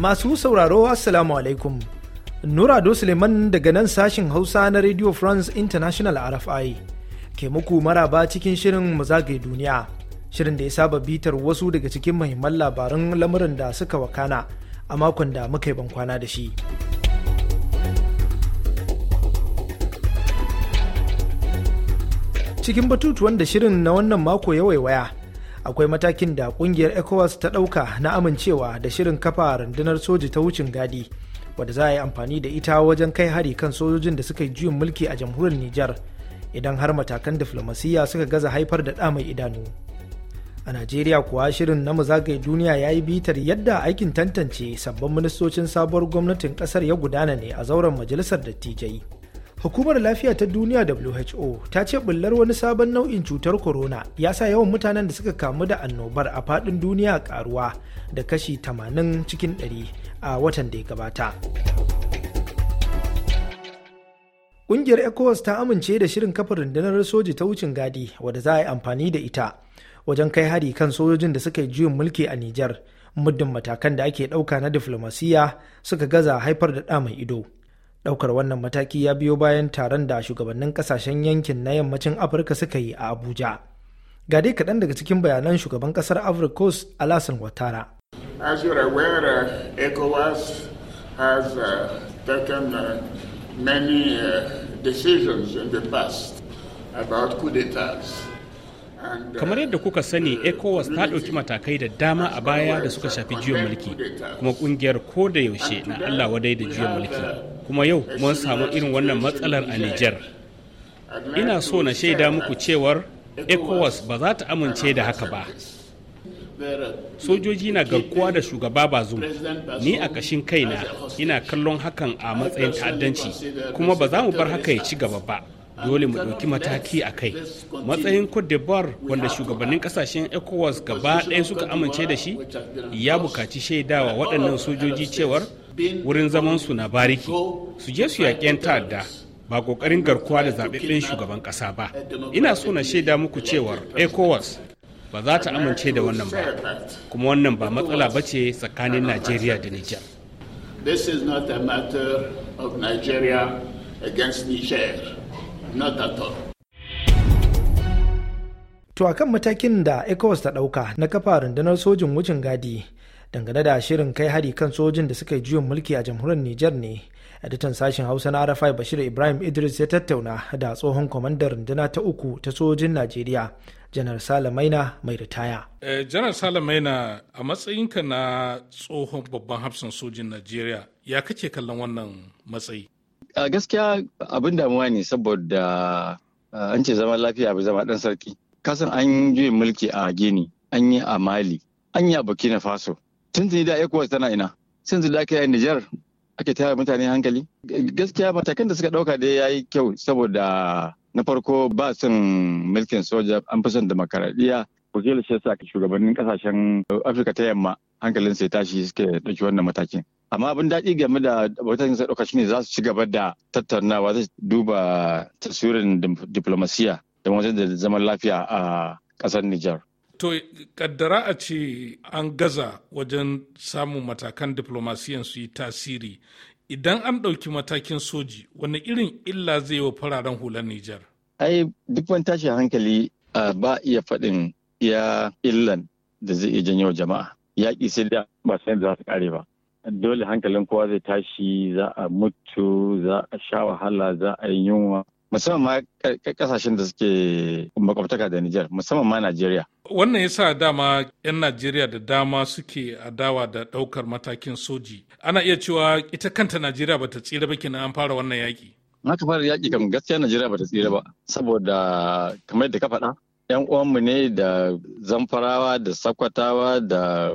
Masu sauraro Assalamu alaikum. Nurado Suleiman daga nan sashin Hausa na Radio France International RFI ke muku maraba cikin shirin mazagaye duniya. Shirin da ya saba bitar wasu daga cikin mahimman labarin lamurin da suka wakana a makon da muka yi bankwana da shi. Cikin batutuwan da shirin na wannan mako ya waiwaya akwai matakin da kungiyar ecowas ta ɗauka na amincewa da shirin kafa rundunar soji ta wucin gadi wadda za a yi amfani da ita wajen kai hari kan sojojin da suka yi juyin mulki a jamhuriyar nijar idan har matakan diflomasiyya suka gaza haifar da ɗa mai idanu a najeriya kuwa shirin na zagaye duniya ya yi bitar yadda aikin tantance sabbin ministocin sabuwar gwamnatin kasar ya gudana ne a zauren majalisar dattijai Hukumar Lafiya ta Duniya WHO ta ce bullar wani sabon nau'in cutar corona ya sa yawan mutanen da suka kamu da annobar a faɗin duniya karuwa da kashi 80 cikin 100 a watan da ya gabata. Ƙungiyar ECOWAS ta amince da shirin kafa rundunar soji ta wucin gadi wadda za a yi amfani da ita wajen kai hari kan sojojin da suka yi juyin mulki a Nijar muddin matakan da ake ɗauka na diflomasiya suka gaza haifar da ɗa mai ido. daukar wannan mataki ya biyo bayan taron da shugabannin kasashen yankin na yammacin Afirka suka yi a Abuja. Ga dai kaɗan daga cikin bayanan shugaban ƙasar Ivory alasan watara. As aware, uh, ECOWAS has uh, taken uh, many uh, decisions in the past about coup d'etats. kamar yadda kuka sani ecowas ta ɗauki matakai da dama a baya da suka shafi juyin mulki kuma kungiyar ko da yaushe na allah wadai da juyin mulki kuma yau mun samu irin wannan matsalar a niger ina so na shaida muku cewar ecowas ba za ta amince da haka ba sojoji na garkuwa da shugaba bazum ni a kashin kaina ina kallon hakan a matsayin ta'addanci kuma ba za mu bar haka ya ci gaba ba dole mu ɗauki mataki a kai matsayin cote d'ivoire wanda shugabannin kasashen ecowas gaba ɗaya suka amince da shi ya bukaci shaidawa waɗannan sojoji cewar wurin zaman su na bariki su je su yaƙi ta'adda ba ƙoƙarin garkuwa da zaɓeɓɓen shugaban ƙasa ba ina so na shaida muku cewar ecowas ba za ta amince da wannan ba kuma wannan ba matsala ba ce tsakanin najeriya da nijar This is not a matter of Nigeria against Niger. na To a kan matakin da ECOWAS ta ɗauka na kafa rundunar sojin wucin gadi dangane da shirin kai hari kan sojin da suka yi juyin mulki a jamhuriyar Nijar ne. Editan sashen Hausa na Arafai Bashir Ibrahim Idris ya tattauna da tsohon kwamandar runduna ta uku ta sojin Najeriya, Janar Salamaina mai ritaya. Eh, Janar Salamaina a matsayinka na tsohon babban hafsan sojin Najeriya ya kake kallon wannan matsayi? a gaskiya abin damuwa ne saboda eh, an ce zama lafiya bai zama dan sarki kasan an juyin mulki a gini an yi a mali an yi a burkina faso tun da ecowas tana ina sun da aka yi nijar ake tara mutane hankali gaskiya matakan da suka dauka ya yi kyau saboda na farko ba son mulkin soja an fi son demokaradiyya wakilin shi sa shugabannin kasashen afirka ta yamma hankalin sai tashi suke dauki wannan matakin amma abin daɗi game da abokan sai ɗauka shine za su ci gaba da tattaunawa zai duba taswirin diplomasiya da wajen da zaman lafiya a ƙasar Nijar. To kaddara a ce an gaza wajen samun matakan diplomasiyan su yi tasiri idan an ɗauki matakin soji wani irin illa zai yi wa fararen hular Nijar? Ai duk wani tashi hankali ba iya faɗin iya illan da zai iya janyo jama'a. Yaƙi sai da ba sai da za su ƙare ba. dole hankalin kowa zai tashi za a mutu za a sha wahala za a yi yunwa musamman ma kasashen da suke makwabtaka da Nijar musamman ma Najeriya. Wannan yasa dama 'yan Najeriya da dama suke adawa da ɗaukar matakin soji. Ana iya cewa ita kanta Najeriya ba ta tsira ba kenan an fara wannan yaƙi. ka fara yaƙi kam gaskiya Najeriya ba ta tsira ba saboda kamar yadda ka faɗa 'yan uwanmu ne da zamfarawa da sakwatawa da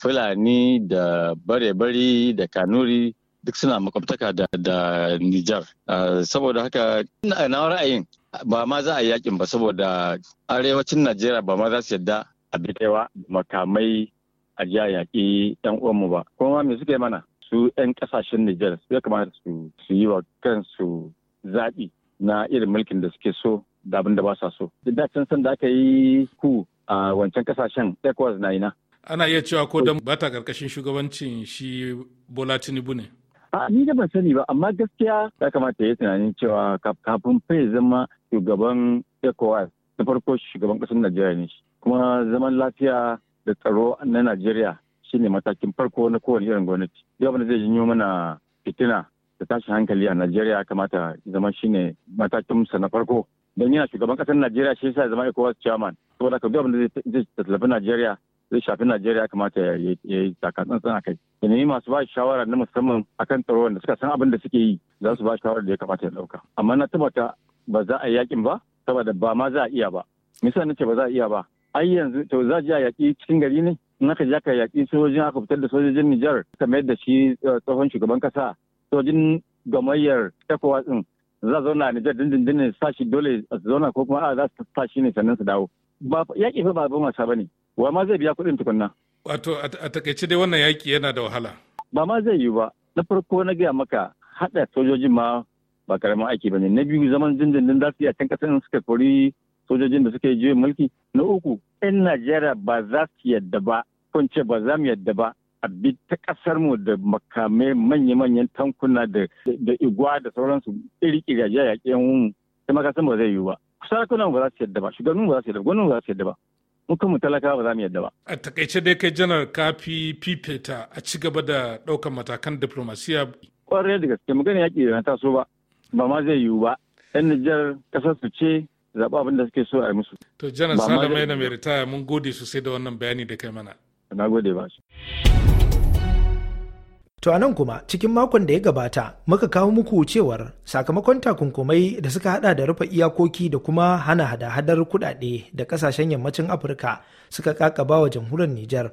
fulani da bare-bari da kanuri duk suna makwabtaka da, da Nijar. Uh, saboda haka na ra'ayin ba ma za a yakin ba saboda arewacin Najeriya ba ma za su yadda a bitewa makamai a jiya yaƙi ‘yan uwanmu ba. Kuma me suke mana su ‘yan ƙasashen Nijar su ya kamata su yi wa kansu zaɓi na irin mulkin da suke so da abin da ba sa so. Da can san da aka yi ku a wancan ƙasashen ECOWAS na ina. ana iya cewa ko dan bata karkashin shugabancin shi bola tinubu ne a ni da ban sani ba amma gaskiya ya kamata ya tunanin cewa kafin fai zama shugaban ecowas na farko shugaban kasar najeriya ne kuma zaman lafiya da tsaro na najeriya shine matakin farko na kowane irin gwamnati yau zai janyo mana fitina da tashin hankali a najeriya ya kamata zama shine matakin sa na farko don yana shugaban kasar najeriya shi yasa zama ecowas chairman saboda ka duk abin da zai tattalafi najeriya zai shafi najeriya kamata ya yi tsantsan a kai da ni masu ba shawara na musamman akan tsaro wanda suka san abin da suke yi za su ba shawara da ya kamata ya dauka amma na tabbata ba za a yi yakin ba saboda ba ma za a iya ba misali na ce ba za a iya ba ai yanzu to za a je a yaƙi cikin gari ne in aka je aka yaƙi sojojin aka fitar da sojojin Nijar ka mayar da shi eh, tsohon shugaban kasa sojin gamayyar ECOWAS ɗin za a zauna a Nijar dindindin ne sa shi dole a zauna ko kuma a za su sa shi ne sannan su dawo ba yaƙi fa ba masa ba ne wa ma zai biya kuɗin tukunna. Wato a takaice dai wannan yaƙi yana da wahala. Ba ma zai yi ba na farko na gaya maka haɗa sojojin ma ba karamin aiki ba ne na biyu zaman dindindin za su iya can ƙasar suka kori sojojin da suka yi mulki na uku ƴan Najeriya ba za su yadda ba kun ce ba za mu yadda ba a bi ta kasar mu da makamai manya-manyan tankuna da igwa da sauransu iri-iri a yaƙi yan mu sai makasan ba zai yiwu ba sarakunan ba za su yadda ba Shugabannin ba za su yadda ba gwamnan ba za su yadda ba mu talaka talakawa ba za mu yadda ba. A takaice dai kai janar kafi fifeta a ci gaba da ɗaukar matakan diplomasiya. Kwarai da gaske mu gani yaƙi da taso ba ba ma zai yiwu ba. 'Yan Nijar ƙasar su ce zaɓa abin da suke so a yi musu. To janar Salama yana mai ritaya mun gode sosai da wannan bayani da kai mana. Na gode ba shi. To a nan kuma cikin makon da ya gabata muka kawo muku cewar sakamakon takunkumai da suka hada da rufe iyakoki da kuma hana hada-hadar kudade da kasashen yammacin Afirka suka kakaba wa jamhuriyar Nijar.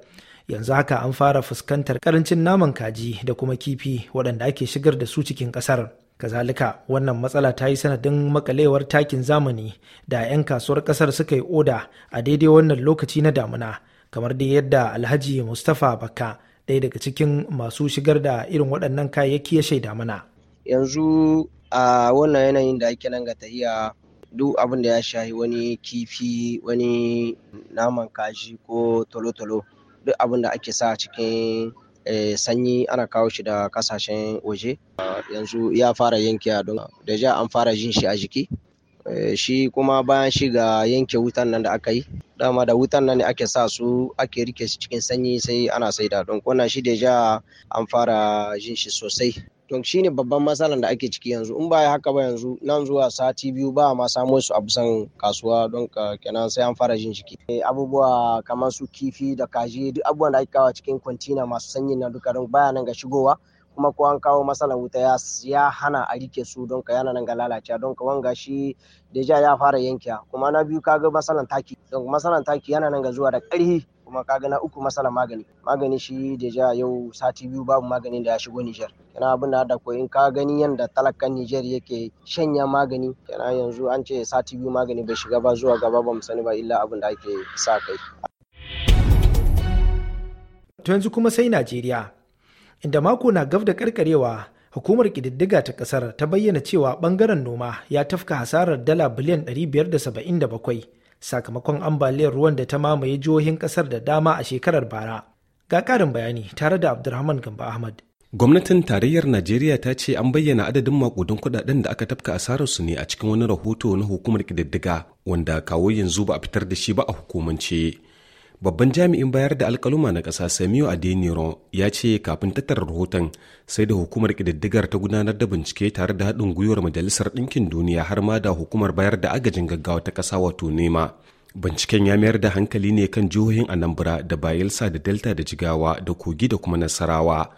Yanzu haka an fara fuskantar karancin naman kaji da kuma kifi waɗanda ake shigar da su cikin ƙasar. Kazalika wannan matsala ta yi sanadin makalewar takin zamani da 'yan kasuwar ƙasar suka yi oda a daidai wannan lokaci na damuna kamar dai yadda Alhaji Mustapha Bakka ɗaya daga cikin masu shigar da irin waɗannan kayayyaki ya shaida mana. Yanzu a wannan yanayin da ake nan ga tahiya duk abin da ya shahi wani kifi wani naman kaji ko tolo duk abin da ake sa cikin eh, sanyi ana kawo shi da kasashen waje yanzu ya fara yanke don da ja an fara jin shi a jiki Eh, shi kuma bayan shiga yanke wutan nan da aka yi dama da wutan nan ne ake sa su ake rike su cikin sanyi sai ana saida don wannan shi ja an fara jin shi sosai don shi ne babban matsalar da ake ciki yanzu in ba haka ba yanzu nan zuwa sati biyu ba ma samo su a bisan kasuwa don ka kenan sai an fara jin jiki eh, abubuwa kamar su kifi da kaji duk abubuwan da ake kawo cikin kwantina masu sanyin na duka don baya nan ga shigowa kuma ko an kawo matsalar wuta ya hana a rike su don ka yana nan ga lalace don ka wanga shi ja ya fara yankiya kuma na biyu kaga masalan taki don masalan taki yana nan ga zuwa da ƙarfi kuma kaga na uku masalan magani magani shi ja yau sati biyu babu maganin da ya shigo Niger kana abin da ko in ka gani yanda talakan Niger yake shanya magani kana yanzu an ce sati biyu magani bai shiga ba zuwa gaba ba sani ba illa abin da ake sa kai to yanzu kuma sai Najeriya inda mako na gab da karkarewa hukumar kididdiga ta kasar ta bayyana cewa ɓangaren noma ya tafka hasarar dala biliyan 577 sakamakon ambaliyar ruwan da ta mamaye jihohin kasar da dama a shekarar bara ga ƙarin bayani tare da abdulrahman gamba ahmad Gwamnatin Tarayyar Najeriya ta ce an bayyana adadin makudin kudaden da aka tafka asararsu ne a cikin wani rahoto na hukumar ƙididdiga wanda kawo yanzu ba a fitar da shi ba a hukumance. Babban jami'in bayar da alkaluma na ƙasa Samiyo Adeniro ya ce kafin tattara rahoton sai da hukumar ƙididdigar ta gudanar da bincike tare da haɗin gwiwar Majalisar Ɗinkin Duniya har ma da hukumar bayar da agajin gaggawa ta ƙasa wato nema. Binciken ya mayar da hankali ne kan jihohin Anambra da Bayelsa da Delta da Jigawa da Kogi da kuma Nasarawa.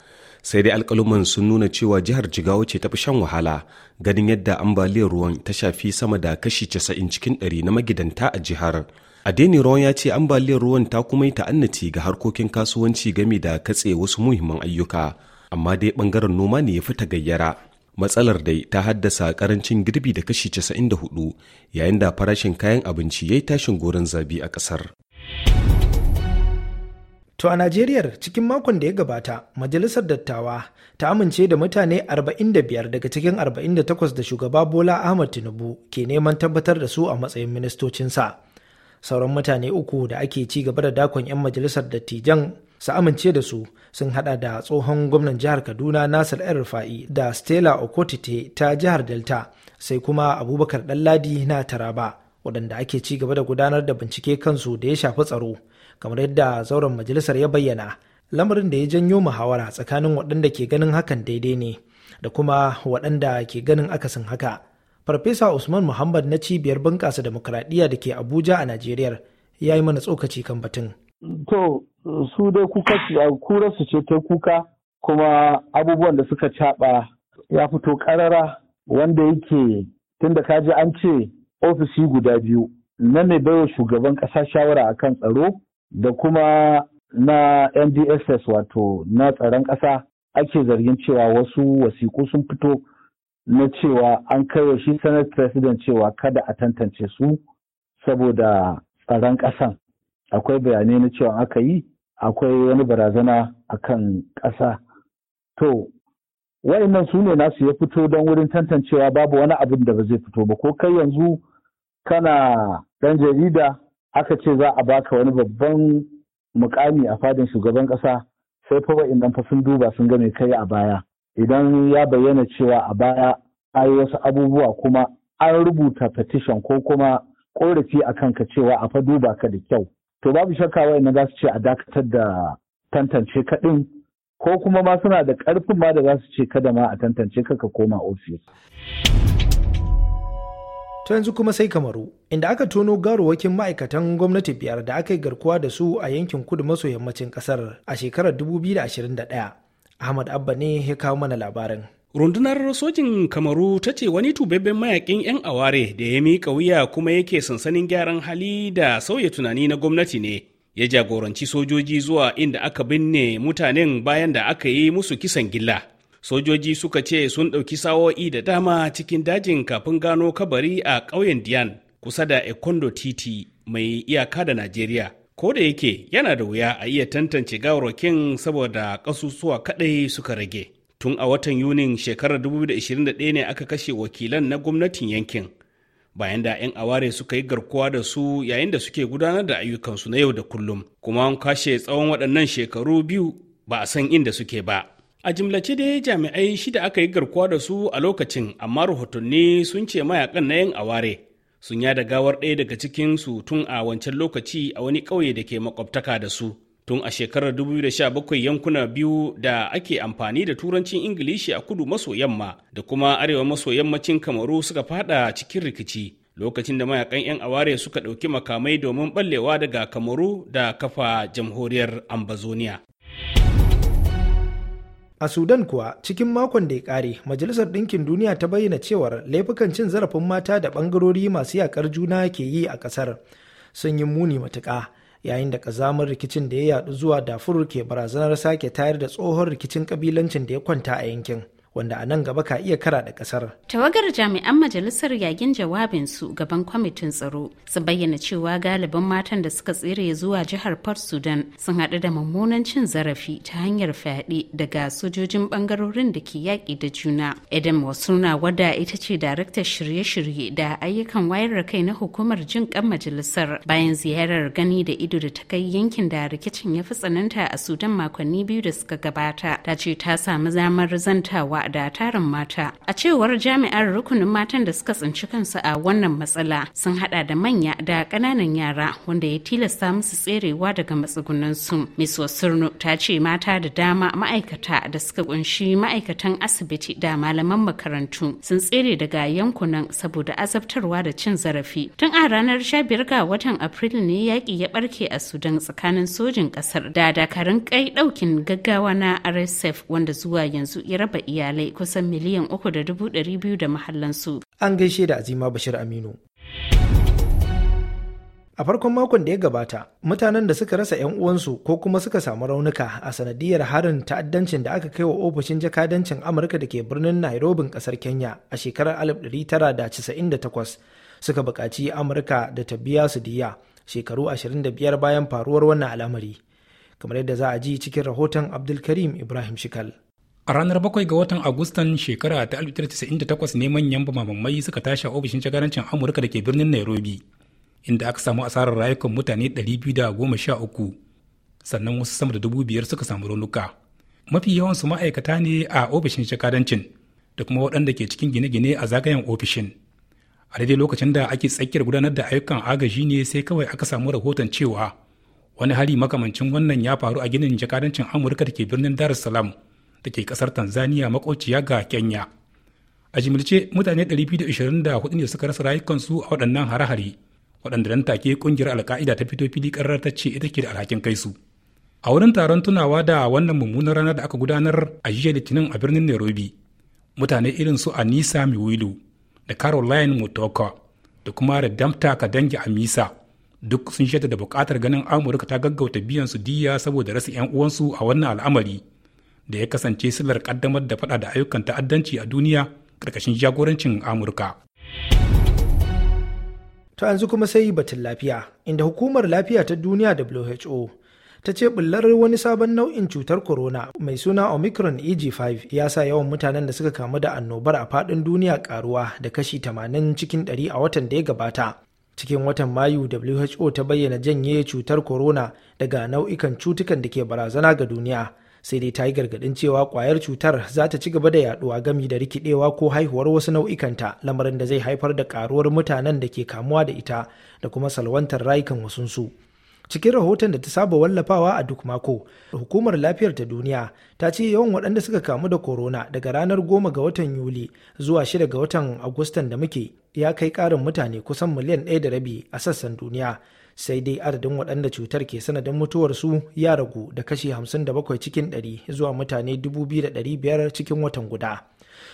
Sai dai alkaluman sun nuna cewa jihar Jigawa ce tafi shan wahala ganin yadda ambaliyar ruwan ta shafi sama da kashi 90 cikin 100 na magidanta a jihar. rawan ya ce ambaliyar ruwan ta kuma yi ta'annaci ga harkokin kasuwanci game da katse wasu muhimman ayyuka, amma dai bangaren noma ne ya fi gayyara. Matsalar dai ta haddasa karancin girbi da kashi 94 yayin da farashin kayan abinci ya yi tashin goron zabi a ƙasar. To a Najeriya cikin makon da ya gabata, Majalisar Dattawa ta amince da mutane 45 daga cikin 48 da shugaba Bola Ahmad Tinubu ke neman tabbatar da su a matsayin ministocinsa. sauran mutane uku da ake ci gaba da dakon 'yan majalisar dattijan su amince da su sun hada da tsohon gwamnan jihar kaduna nasir el rufa'i da stella okotite ta jihar delta sai kuma abubakar ɗanladi na taraba waɗanda ake ci gaba da gudanar da bincike kansu da ya shafi tsaro kamar yadda zauren majalisar ya bayyana lamarin da ya janyo muhawara tsakanin waɗanda ke ganin hakan daidai ne da kuma waɗanda ke ganin akasin haka Farfesa Usman Muhammad na cibiyar bunƙasa demokradiyya da ke Abuja a Najeriya ya yi mana tsokaci kan batun. To, su dai kuka kura su ce ta kuka kuma abubuwan da suka caɓa ya fito ƙarara wanda yake tunda kaji an ce ofishi guda biyu na mai baiwa shugaban ƙasa shawara a kan tsaro da kuma na ndss wato na tsaron ƙasa ake zargin cewa wasu wasiƙu sun fito na cewa an kai wa shi senate president cewa kada a tantance su saboda tsaron ƙasan akwai bayanai na cewa aka yi akwai wani barazana a kan ƙasa to wa'annan su ne nasu ya fito don wurin tantancewa babu wani abin da ba zai fito ba ko kai yanzu kana ɗan jarida aka ce za a baka wani babban mukami a fadin shugaban ƙasa sai fa wa'annan fa sun duba sun ga me kai a baya idan ya bayyana cewa a baya yi wasu abubuwa kuma an rubuta petition ko kuma korafi a kanka cewa a fa duba ka da kyau to babu shakka wayannan za su ce a dakatar da tantance ka ɗin ko kuma ma suna da ƙarfin ma da za su ce kada ma a tantance ka ka koma ofis to yanzu kuma sai kamaru inda aka tono garowakin ma'aikatan gwamnati biyar da aka yi garkuwa da su a yankin kudu maso yammacin ƙasar a shekarar 2021 Ahmad Abba ne ya kawo mana labarin. rundunar sojin kamaru ta ce wani tubabben mayakin 'yan aware da ya miƙa wuya kuma yake sansanin gyaran hali da sauya tunani na gwamnati ne ya jagoranci sojoji zuwa inda aka binne mutanen bayan da aka yi musu kisan gilla sojoji suka ce sun ɗauki sawo'i da dama cikin dajin kafin gano kabari a ƙauyen diyan kusa da ekondo titi mai iyaka da najeriya ko da yake yana da wuya a iya tantance gawarwakin saboda ƙasusuwa kaɗai suka rage tun a watan yunin shekarar 2021 ne aka kashe wakilan na gwamnatin yankin bayan da 'yan aware suka yi garkuwa da su yayin da suke gudanar da ayyukansu na yau da kullum kuma an kashe tsawon waɗannan shekaru biyu ba a san inda suke ba a jimlace dai jami'ai shida aka yi garkuwa da su a lokacin amma rahotanni sun ce mayakan na 'yan aware sun yada gawar ɗaya daga cikin su tun a wancan lokaci a wani ƙauye da ke makwabtaka da su tun a shekarar 2017 yankuna biyu da ake amfani da turancin ingilishi a kudu maso yamma da kuma arewa maso yammacin kamaru suka fada cikin rikici lokacin da mayakan 'yan aware suka ɗauki makamai domin ɓallewa daga kamaru da kafa jamhuriyar ambazonia. A Sudan kuwa cikin makon da ya kare, Majalisar Ɗinkin Duniya ta bayyana cewar laifukan cin zarafin mata da ɓangarori masu yaƙar juna ke yi a ƙasar sun yi muni matuƙa. Yayin da ƙazamar rikicin da ya yaɗu zuwa dafur ke barazanar sake tayar da tsohon rikicin ƙabilancin da ya kwanta a yankin. wanda a nan gaba ka iya kara da kasar. Tawagar jami'an majalisar jawabin jawabinsu gaban kwamitin tsaro su bayyana cewa galibin matan da suka tsere zuwa jihar Port Sudan sun haɗu da mummunan cin zarafi ta hanyar fyaɗe daga sojojin ɓangarorin da ke yaƙi da juna. Edem Wasuna wadda ita ce daraktar shirye-shirye da ayyukan wayar da kai na hukumar jin kan majalisar bayan ziyarar gani da ido da ta kai yankin da rikicin ya fi tsananta a Sudan makonni biyu da suka gabata ta ce ta samu zamar zantawa a da tarin mata a cewar jami'ar rukunin matan da suka tsinci kansu a wannan matsala sun hada da manya da ƙananan yara wanda ya tilasta musu tserewa daga matsugunan su miss wasurno ta ce mata da dama ma'aikata da suka kunshi ma'aikatan asibiti da malaman makarantu sun tsere daga yankunan saboda azabtarwa da cin zarafi tun a ranar shabiyar ga watan afrilu ne yaƙi ya barke a sudan tsakanin sojin ƙasar da dakarun kai ɗaukin gaggawa na rsf wanda zuwa yanzu ya raba iya iyalai kusan miliyan uku da dubu ɗari biyu da mahallansu. An gaishe da Azima Bashir Aminu. A farkon makon da ya gabata, mutanen da suka rasa 'yan uwansu ko kuma suka samu raunuka a sanadiyar harin ta'addancin da aka kai wa ofishin jakadancin Amurka da ke birnin Nairobi kasar Kenya a shekarar 1998 suka buƙaci Amurka da ta biya su diya shekaru 25 bayan faruwar wannan al'amari. Kamar yadda za a ji cikin rahoton Abdulkarim Ibrahim Shikal. A ranar bakwai ga watan Agustan shekara ta 1998 ne manyan bamamai suka tashi a ofishin shagarancin Amurka da ke birnin Nairobi, inda aka samu asarar rayukan mutane 213 sannan wasu sama da dubu biyar suka samu raunuka. Mafi yawan su ma'aikata ne a ofishin shagarancin da kuma waɗanda ke cikin gine-gine a zagayen ofishin. A daidai lokacin da ake tsakiyar gudanar da ayyukan agaji ne sai kawai aka samu rahoton cewa wani hari makamancin wannan ya faru a ginin jakadancin Amurka da ke birnin Dar es Salaam. da ke kasar tanzania makociya ga kenya a jimilce mutane 224 ne suka rasa rayukansu a waɗannan hare waɗanda nan take ƙungiyar alka'ida ta fito fili ƙarar ta ce ita ke da alhakin kai su a wurin taron tunawa da wannan mummunar rana da aka gudanar a jiya litinin a birnin nairobi mutane irin su anisa miwilu da caroline mutoka da kuma redamta kadangi amisa duk sun shaida da buƙatar ganin amurka ta gaggauta biyan su diya saboda rasa 'yan uwansu a wannan al'amari da ya kasance silar kaddamar da fada da ayyukan ta'addanci a duniya karkashin jagorancin amurka ta yanzu kuma sai batun lafiya inda hukumar lafiya ta duniya who ta ce bullar wani sabon nau'in cutar corona mai suna omicron eg5 ya sa yawan mutanen da suka kamu da annobar a fadin duniya karuwa da kashi 80 cikin 100 a watan da ya gabata cikin watan mayu who ta bayyana janye cutar corona daga nau'ikan cutukan da ke barazana ga duniya sai dai ta yi gargadin cewa kwayar cutar za ta ci gaba da yaduwa gami da rikidewa ko haihuwar wasu nau'ikanta lamarin da zai haifar da karuwar mutanen da ke kamuwa da ita da kuma salwantar rayukan wasunsu cikin rahoton da ta saba wallafawa a duk mako hukumar lafiyar ta duniya ta ce yawan waɗanda suka kamu da korona daga ranar goma ga watan yuli zuwa shida ga watan agustan da muke ya kai ƙarin mutane kusan miliyan 1.5 a sassan duniya sai dai adadin waɗanda cutar ke sanadin mutuwarsu ya ragu da kashi 57 cikin 100 zuwa mutane 2,500 cikin watan guda.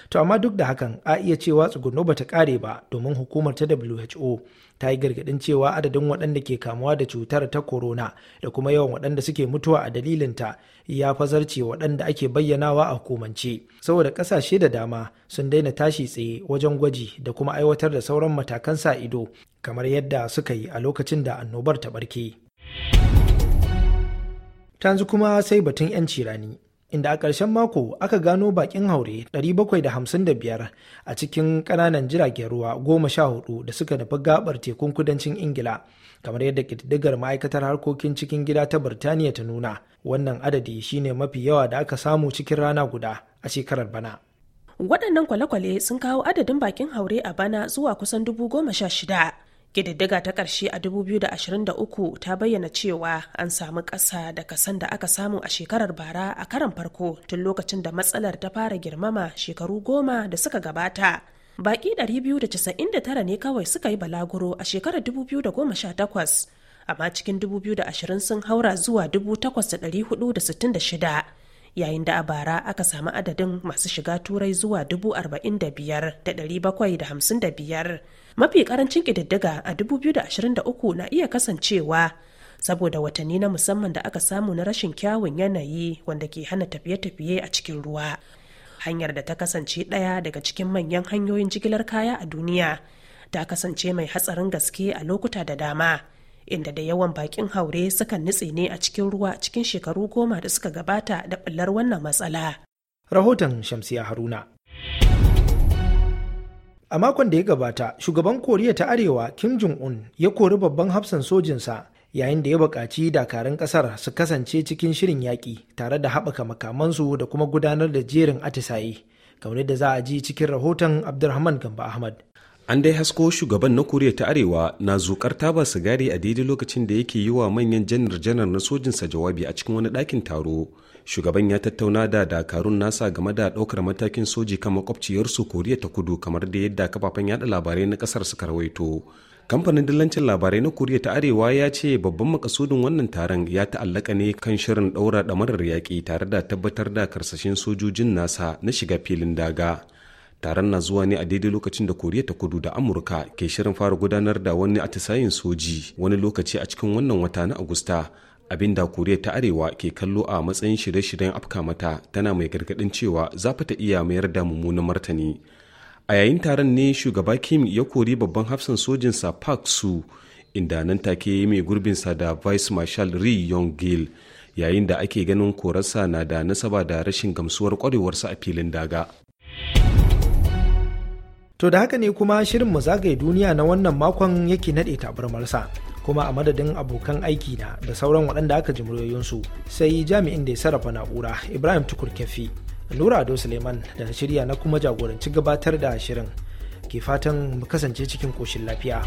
To amma duk da hakan a iya cewa tsuguno bata kare ba domin hukumar ta WHO ta yi gargadin cewa adadin waɗanda ke kamuwa da cutar ta corona da kuma yawan waɗanda suke mutuwa a dalilin ta ya fazarce waɗanda ake bayyanawa a hukumance saboda ƙasashe da dama sun daina tashi tsaye wajen gwaji da kuma aiwatar da sauran matakan sa ido kamar yadda suka yi a lokacin da annobar ta barke. yanzu kuma sai batun 'yanci rani inda a ƙarshen mako aka gano bakin haure 755 a cikin ƙananan jiragen ruwa 14 da suka nufi gabar tekun kudancin ingila kamar yadda ƙididdigar ma'aikatar harkokin cikin gida ta birtaniya ta nuna wannan adadi shine mafi yawa da aka samu cikin rana guda a shekarar bana waɗannan kwale-kwale sun kawo adadin bakin haure a bana zuwa kusan dubu goma sha shida kididdiga ta ƙarshe a 2023 ta bayyana cewa an samu ƙasa da kasan da aka samu a shekarar bara a karan farko tun lokacin da matsalar ta fara girmama shekaru goma da suka gabata. Baƙi 299 ne kawai suka yi balaguro a shekarar 2018, amma cikin 2020 sun haura zuwa 8,466. yayin da a bara aka samu adadin masu shiga turai zuwa 45,755 mafi karancin ƙididdiga a 2023 na iya kasancewa saboda watanni na musamman da aka samu na rashin kyawun yanayi wanda ke hana tafiye-tafiye a cikin ruwa hanyar da ta kasance ɗaya daga cikin manyan hanyoyin jigilar kaya a duniya ta kasance mai hatsarin gaske a lokuta da dama inda da yawan bakin haure sukan nutse ne a cikin ruwa cikin shekaru goma da suka gabata da ɓullar wannan matsala rahoton shamsiya haruna A makon da ya gabata, shugaban Koriya ta Arewa Kim Jong-un ya kori babban hafsan sojinsa yayin da ya buƙaci dakarun ƙasar su kasance cikin shirin yaƙi tare da haɓaka makamansu da kuma gudanar da jerin atisaye. Kamar da za a ji cikin rahoton Abdulrahman Gamba Ahmad. an dai hasko shugaban na koriya ta arewa na zukar taba sigari a daidai lokacin da yake yi wa manyan janar janar na sojinsa jawabi a cikin wani ɗakin taro shugaban ya tattauna da dakarun nasa game da ɗaukar matakin soji kan makwabciyarsu koriya ta kudu kamar da yadda kafafen yada labarai na ƙasar suka rawaito kamfanin dillancin labarai na koriya ta arewa ya ce babban makasudin wannan taron ya ta'allaka ne kan shirin ɗaura ɗamarar yaƙi tare da tabbatar da karsashin sojojin nasa na shiga filin daga taron na zuwa ne a daidai lokacin da koriya ta kudu da amurka ke shirin fara gudanar da wani atisayin soji wani lokaci a cikin wannan wata na agusta abin da koriya ta arewa ke kallo a matsayin shirye-shiryen afka mata tana mai gargadin cewa za ta iya mayar da mummunan martani a yayin taron ne shugaba kim ya kori babban hafsan sojinsa park su inda nan take mai gurbinsa da vice marshal ri yong gil yayin da ake ganin korarsa na da nasaba da rashin gamsuwar kwarewarsa a filin daga To da haka ne kuma shirin mu zagaye duniya na wannan makon yake naɗe tabarmarsa kuma a madadin abokan aiki na da sauran waɗanda aka ji muryoyinsu sai jami'in da ya sarrafa na'ura Ibrahim Tukur Nura Ado Suleiman da shirya na kuma jagoranci gabatar da shirin ke fatan mu kasance cikin koshin lafiya.